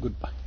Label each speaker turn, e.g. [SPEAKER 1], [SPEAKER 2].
[SPEAKER 1] Goodbye.